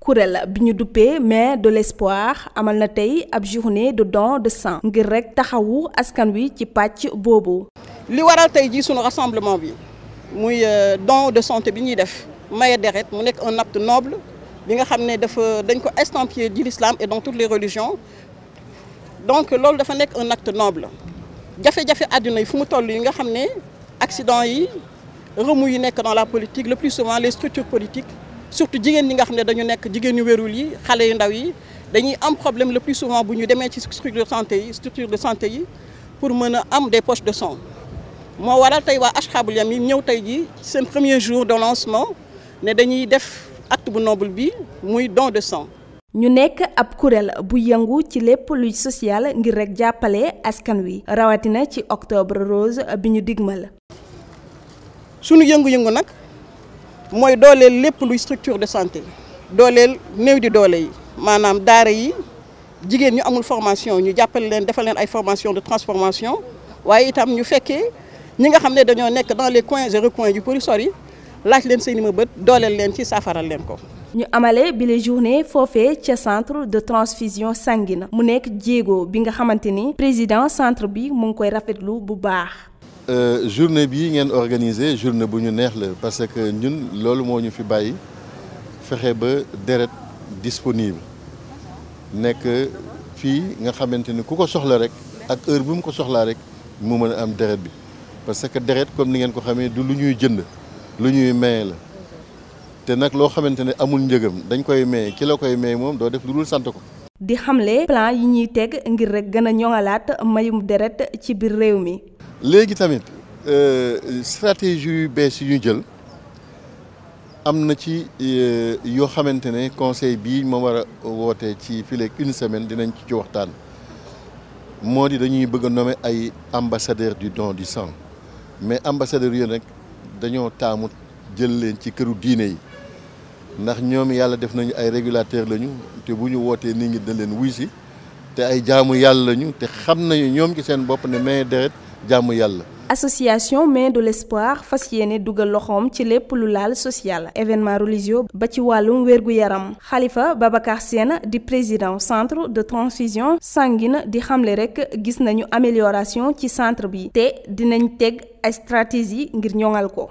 kuréel bi ñu duppee mais de l'Espoir amal na tey ab journée de don de sang ngir rek taxawu askan wi ci pàcc boobu. li waral tey jii sunu rassemblement bi muy euh, don de santé bi ñuy def maye deret mu nekk un natt noble bi nga xam ne dafa dañ ko estampillé di lislaam et dans toutes donc loolu dafa nekk un acte noble jafe-jafe àdduna yi fu mu toll yi nga xam ne. accident yi remous yi nekk dans la politique le plus souvent les structures politiques surtout jigéen ñi nga xam ne dañu nekk jigéen ñu wérul yi xale yu ndaw yi dañuy am problème le plus souvent bu ñu demee ci structure de santé yi de santé pour mën a am des poches de sang moo waral tey waa Ashabul Yamin yi ñëw tey ji seen premier jour de lancement ne dañuy def acte bu noble bi muy don de sang ñu nekk ab kuréel bu yëngu ci lépp luy sociale ngir rekk jàppale askan wi rawatina ci octobre rose bi ñu digmal suñu yëngu-yëngu nag mooy dooleel lépp luy structure de santé dooleel néew di doole yi maanaam daara yi jigéen ñu amul formation ñu jàppale leen defal leen ay formation de transformation waaye itam ñu fekkee ñi nga xam ne dañoo nekk dans les coins et recoins yu pour sori laaj leen seen ma bët dooleel leen ci saafaral leen ko. ñu amale bi les journée foofee ca centre de sangi sanguine mu nekk jéego bi nga xamante ni président centre bi mu ngi koy rafetlu bu baax. Euh, journée bii ngeen organisé journée bu ñu neex la parce que ñun loolu moo ñu fi bàyyi fexe ba deret disponible nekk fii nga xamante ni ku ko soxla rek ak heure bu mu ko soxlaa rek mu mën a am deret bi parce que deret comme ni ngeen ko xamee du lu ñuy jënd lu ñuy maye la te nag loo xamante ne amul njëgam dañ koy maye ki la koy maye moom doo def lu dul sant ko. di xamle plan yi ñuy teg ngir rek gën a ñoŋalaat mayum deret ci biir réew mi. léegi tamit euh, stratégie yu bees yu ñu jël am na ci euh, yoo xamante ne conseil bii ma war a woote ci fileeg une semaine dinañ ci ci waxtaan moo di dañuy bëgg a ay ambassadeur du don du sang mais ambassadeurs yooyu nag dañoo taamu jël leen ci këru diine yi ndax ñoom yàlla def nañu ay régulateurs lañu te bu ñu wootee nit ñi dañ leen wuy si te ay jaamu yàlla lañu te xam nañu ñoom ci seen bopp ne mais deret jaamu yàlla. association Main de l'Espoir fas yéene dugal loxoom ci lépp lu laal social événement religieux ba ci wàllum wérgu yaram Khalifa Babacar Sène di président centre de transfusion sanguine di xamle rek gis nañu amélioration ci centre bi te dinañ teg ay stratégie ngir ñoŋal ko.